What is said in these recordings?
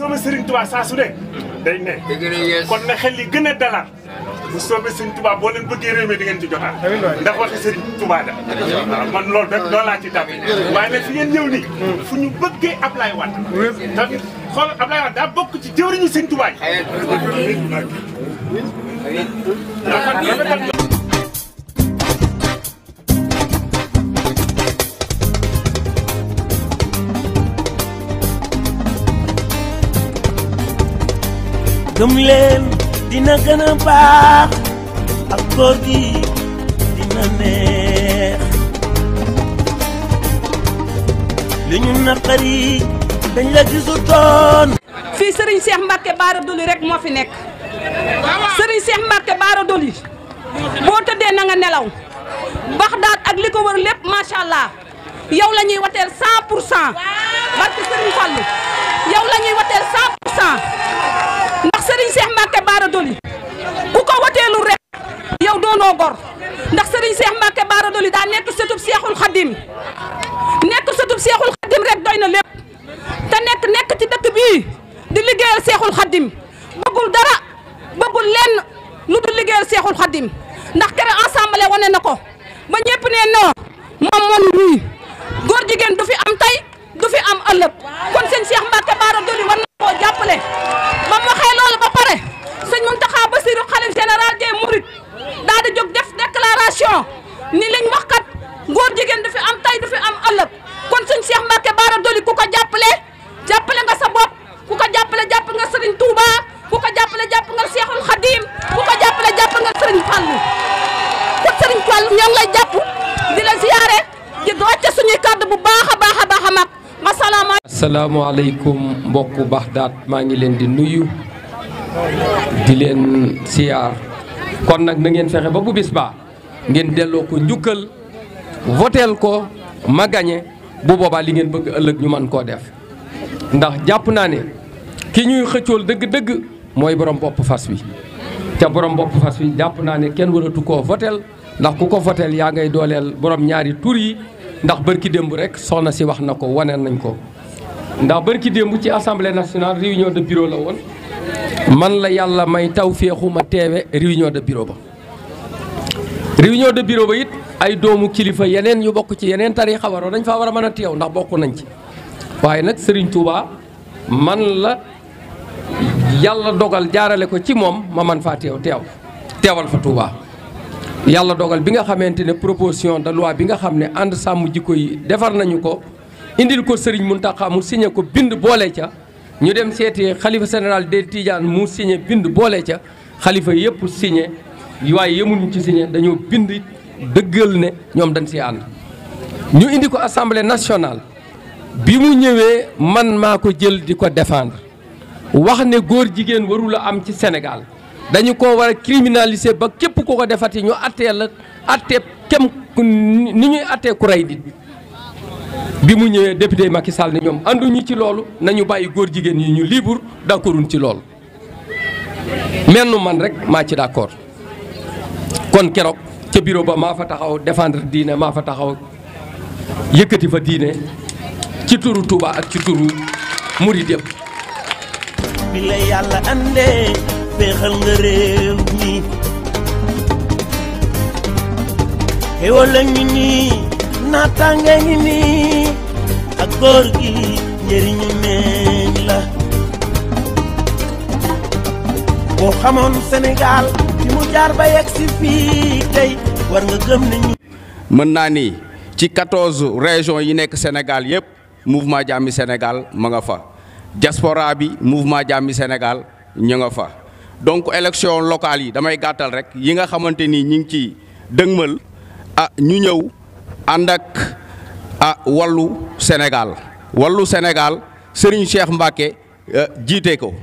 soobee Serigne Touba saa su day ne kon na xel gën a dalaat bu soobee Serigne Touba boo leen bëggee réew mi di ngeen ci jotaat ndax waxi Serigne Touba da man loolu rek doo laa ci tàbbi waaye nag fi ngeen ñëw nii hmm. fu ñu bëggee Ablaye Wade te xool Ablaye Wade daa bokk ci jëwriñu Serigne Touba yi gëm dina gën a baax ak góor gi dina neex li ñu naqari dañ la gisutoon fii Serigne Cheikh Mbacke Bara rek moo fi nekk Serigne Cheikh Mbacke Bara boo tëddee na nelaw Baxdaad ak li ko wër lépp macha yow la wateel barke Serigne Fallou yow la wateel pour cent ndax Serigne Cheikh Mbacke Baara Doli ku ko woteelu rek yow doonoo gor ndax Serigne Cheikh Mbacke Baara Doli daa nekk sëtub Seexul Xadim nekk sëtub Seexul Xadim rek doy na lépp te nekk nekk ci dëkk bii di liggéeyal Seexul Xadim bëggul dara bëggul lenn lu du liggéeyal Seexul Xadim ndax kere ensemble wane na ko ba ñëpp ne non moom moom nii góor jigéen du fi am tey du fi am ëllëg kon sëñ Cheikh Mbacke Baara Doli war na koo jàppale général des Mourides daal jóg def déclaration ni lañ wax kat jigéen du fi am tay du fi am ëllëg kon suñ Cheikh Mbacke Bara Doli ku ko jàppale jàppale nga sa bopp ku ko jàppale jàpp nga Serigne Touba ku ko jàppale jàpp nga Cheikhul Khadim ku ko jàppale jàpp nga Serigne Fallou te Serigne Fallou ñoo ngi lay jàpp di ziyaare di wàcce suñuy kàddu bu baax a baax a baax a mag mbokku Baxdaat maa ngi leen di nuyu. di leen siyaar kon nag na fexe ba bu bis baa ngeen delloo ko njukkal voteel ko ma gañe bu boobaa li ngeen bëgg ëllëg ñu man koo def ndax jàpp naa ne ki ñuy xëccool dëgg-dëgg mooy borom bopp fas wi te borom bopp fas wi jàpp naa ne kenn waratu koo votel ndax ku ko voteel yaa ngay dooleel borom ñaari tur yi ndax bër ki démb rek soxna si wax na ko waneen nañ ko ndax bër ki démb ci assemblée nationale réunion de bureau la woon man la yàlla may taw féexuma teewe réunion de bureau ba réunion de bureau ba it ay doomu kilifa yeneen yu bokk ci yeneen tariixa waroo dañ faa war a mën a teew ndax bokk nañ ci waaye nag Serigne Touba man la yàlla dogal jaarale ko ci moom ma man faa teew teew teewal fa Touba yàlla dogal bi nga xamante ne proposition de loi bi nga xam ne ànd sàmm jikko yi defar nañu ko indil ko Serigne Mountakha mu signé ko bind boole ca. ñu dem seete xalifa général de Tidiane mu signé bind boole ca xalifa yëpp signe waaye yemuñu ci signé dañoo bind dëggal ne ñoom dañ si ànd ñu indi ko assemblée nationale bi mu ñëwee man maa ko jël di ko défendre wax ne góor jigéen warul a am ci Sénégal dañu ko war a criminaliser ba képp ku ko defati ñu attee la attee kem ni ñuy attee ku rey nit bi mu ñëwee député Macky Sall ne ñoom ànduñu ci loolu nañu bàyyi góor jigéen yi ñu libre d'accorduñ ci loolu menn man rek maa ci d'accord kon keroog ca bureau ba maa fa taxaw défendre diine maa fa taxaw yëkkati fa diine ci turu Touba ak ci turu murid yëpp bi yàlla andee féexal nga réew mi xéwal la nii naataanga ngi nii góor gi njëriñu la boo xamoon Sénégal fi mu jaar ba yegg si fii tey war nga gëm ne ñu. mën naa ni ci quatorze région yi nekk Sénégal yépp mouvement jàmmi senegal ma nga fa diaspora bi mouvement jàmmi Sénégal ñu nga fa donc élection locale yi damay gàttal rek yi nga xamante ni ñu ngi ci dëgmal ah ñu ñëw ànd ak. a wallu Sénégal wallu Sénégal Serigne Cheikh Mbacke euh, jiite ko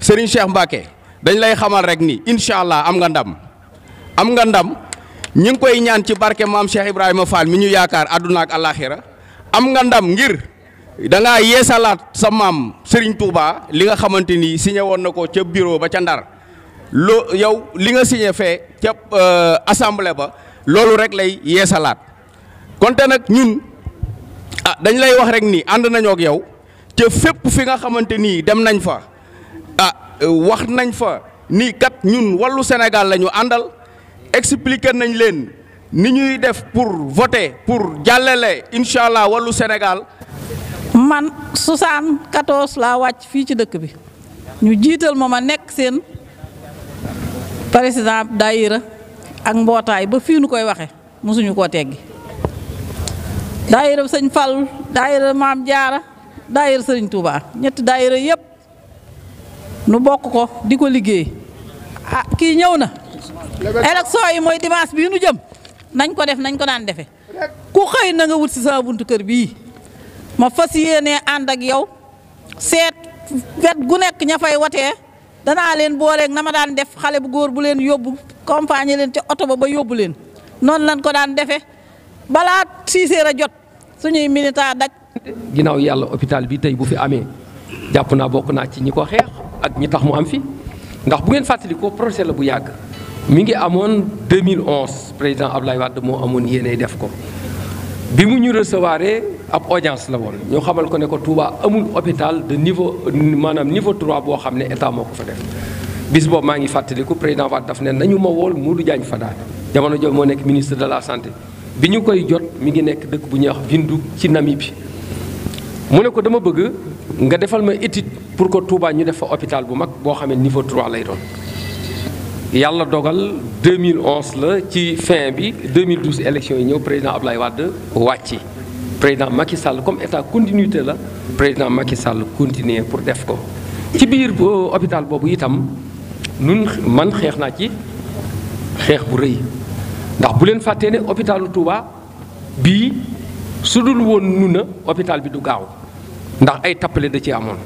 Serigne Cheikh Mbacke dañ lay xamal rek ni incha allah am nga ndam am nga ndam ñu ngi koy ñaan ci barke maam Cheikh Ibrahima Fall mi ñu yaakaar àdduna ak am nga ndam ngir da ngaa yeesalaat sa maam Serigne Touba li nga xamante ni signé woon na ko ca bureau ba ca Ndar loo yow li nga signe fee ca euh, assemblée ba loolu rek lay yeesalaat konte nag ñun. ah dañ lay wax rek nii ànd nañoo ak yow te fépp fi nga xamante nii dem nañ fa ah wax nañ fa nii kat ñun wàllu Sénégal lañu àndal expliquer nañ leen ni ñuy def pour voté pour jàllale incha allah wàllu Sénégal. man 74 laa wàcc fii ci dëkk bi ñu jiital ma ma nekk seen président daayira ak mbootaay ba fii nu koy waxe mosuñu koo teggi daayira sëñ Fall daayira maam jaara daayira sëriñ Touba ñetti daayira yëpp nu bokk ko di ko liggéey a ah, kii ñëw na élection yi mooy dimanche bii nu jëm nañ ko def nañ ko daan defe ku xëy na wut si sama buntu kër bii ma fas yéenee ànd ak yow seet wet gu nekk ña fay watee danaa leen booleeg na ma daan def xale bu góor bu leen yóbbu compagnie leen ca oto ba ba yóbbu leen noonu lañ ko daan defe balaa six a jot suñuy militant daj. ginnaaw yàlla hôpital bi tey bu fi amee jàpp naa bokk naa ci ñi ko xeex ak ñi tax mu am fi ndax bu ngeen fàttali ko projet la bu yàgg mi ngi amoon 2011 président Abdoulaye Wade moo amoon yéenay def ko. bi mu ñu recevoir ab audience la woon ñu xamal ko ne ko Touba amul hôpital de niveau maanaam niveau 3 boo xam ne état moo ko fa def bis boobu maa ngi fàttaliku président Wade daf ne nañu ma wool Modou Diagne Fada jamono jooju moo nekk ministre de la santé. bi ñu koy jot mi ngi nekk dëkk bu ñuy wax Windhoek ci bi mu ne ko dama bëgg nga defal ma étude pour que Touba ñu def fa hôpital bu mag boo xamee niveau 3 lay doon. yàlla dogal 2011 la ci fin bi 2012 élection yi ñëw président Ablaye Wade wàcci président Macky Sall comme état continuité la président Macky Sall continuer pour def ko. ci biir hôpital boobu itam nun man xeex naa ci xeex bu rëy. ndax bu leen fàttee ne hôpitalu Touba bii su dul woon nu na hôpital bi du gaaw ndax ay tappale da ci amoon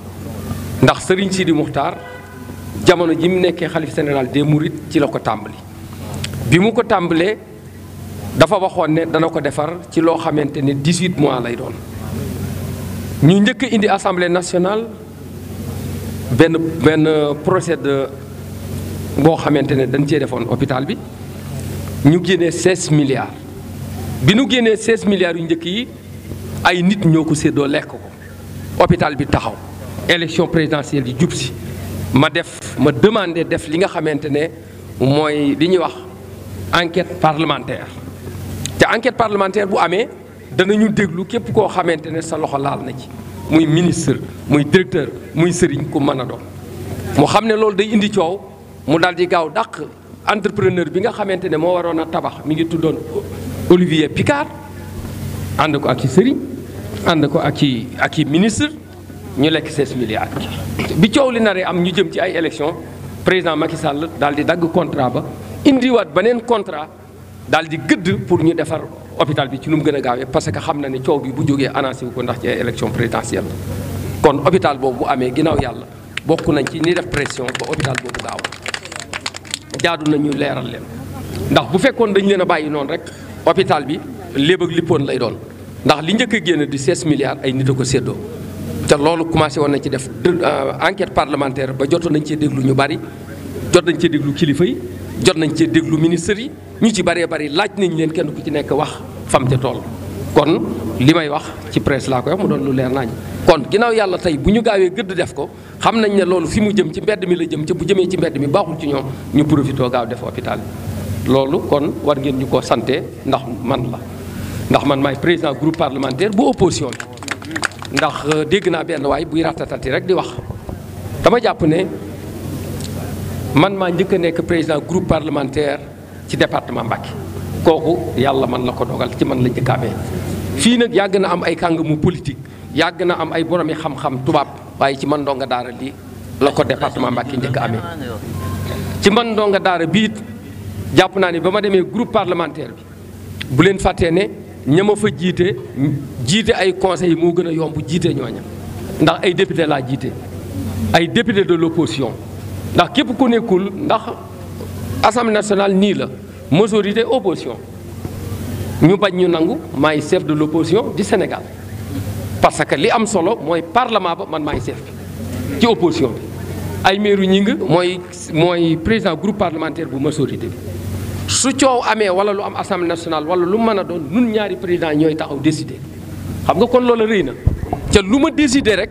ndax sëriñ Sidi Muxtaar jamono ji mu nekkee xalif général des Mourides ci la ko tàmbali bi mu ko tàmbalee dafa waxoon ne dana ko defar ci loo xamante ne 18 mois lay doon ñu njëkk a indi assemblée nationale benn benn procès de boo xamante ne dañ cee defoon hôpital bi ñu génnee 16 milliards bi nu génnee 16 milliards yu njëkk yi ay nit ñoo ko séddoo lekk ko hôpital bi taxaw élection présidentielle yi jub si ma def ma demandé def li nga xamante ne mooy li ñuy wax enquête parlementaire te enquête parlementaire bu amee danañu déglu képp koo xamante ne sa loxo laal na ci muy ministre muy directeur muy sëriñ ku mën a doon mu xam ne loolu day indi coow mu daal di gaaw dàq entrepreneur bi nga xamante ne moo waroon a tabax mi ngi tuddoon Olivier Picard ànd ko ak i sëriñ ànd ko ak ci ak i ministre ñu lekk 16 milliards. bi coow li naree am ñu jëm ci ay élections président Macky Sall daal di dagg contrat ba indiwaat beneen contrat daal di gëdd pour ñu defar hôpital bi ci nu mu gën a gaawee parce que xam na ni coow bi bu jógee annoncé wu ko ndax ci ay élection présidentielle kon hôpital boobu bu amee ginnaaw yàlla bokk nañ ci ni def pression ba boobu gaaw. jaadu nañu leeral leen ndax bu fekkoon dañ leen a bàyyi noonu rek hôpital bi léeb ak lippoon lay doon ndax li njëkk a génn di 16 milliards ay nit a ko séddoo te loolu commencé woon nañ ci def euh, enquête parlementaire ba jotoon nañ cee déglu ñu bari jot nañ cee déglu kilifa yi jot nañ cee déglu ministres yi ñu ci baree bari laaj nañ leen kenn ku ci nekk wax fam ca tool kon li may wax ci presse laa koy wax mu doon lu leer nañ kon ginnaaw yàlla tey bu ñu gaawee gëdd def ko xam nañ ne loolu fi mu jëm ci mbedd mi la jëm ci bu jëmee ci mbedd mi baaxul ci ñoom ñu profité gaaw def hôpital bi loolu kon war ngeen ñu koo santé ndax man la ndax man maay président groupe parlementaire bu opposition bi ndax euh, dégg naa benn waay buy ratatati rek di wax dama jàpp ne man maa njëkk a nekk président groupe parlementaire ci département Mbacké kooku yàlla man la ko dogal ci man la njëkk fii nag yàgg na am ay kàngamu politique yàgg na am ay boromi xam-xam tubaab waaye ci man ndonga daara li la ko département Mbacké njëkk amee ci man ndonga daara biit jàpp naa ne ba ma demee groupe parlementaire bi bu leen fàttee ne ña fa jiite jiite ay conseil moo gën a yomb jiite ñooña ndax ay député laa jiite ay député de l'opposition ndax képp ku nekkul ndax assemblée nationale nii la majorité opposition ñu bañ ñu nangu maay chef de l'opposition di Sénégal parce que li am solo mooy parlement ba man maay chef bi ci opposition bi ay meeru ñing mooy mooy président groupe parlementaire bu majorité bi su coow amee wala lu am assemblée nationale wala lu mën a doon nun ñaari président ñooy taxaw décidé xam nga kon loola rëy na te lu ma décider rek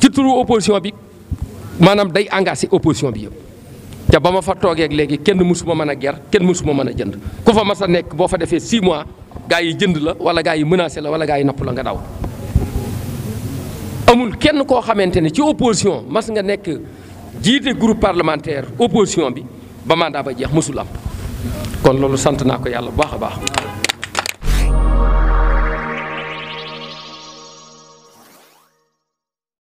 ci turu opposition bi maanaam day engagé opposition bi yëpp ca ba ma fa toogeeg léegi kenn mësuma mën a ger kenn mësuma mën a jënd ku fa mas a nekk boo fa defee 6 mois gaa yi jënd la wala gaa yi menacé la wala gaa yi napp la nga daw amul kenn koo xamante ni ci opposition mas nga nekk jiite groupe parlementaire opposition bi ba mandat ba jeex mësul am kon loolu sant naa ko yàlla bu baax a baax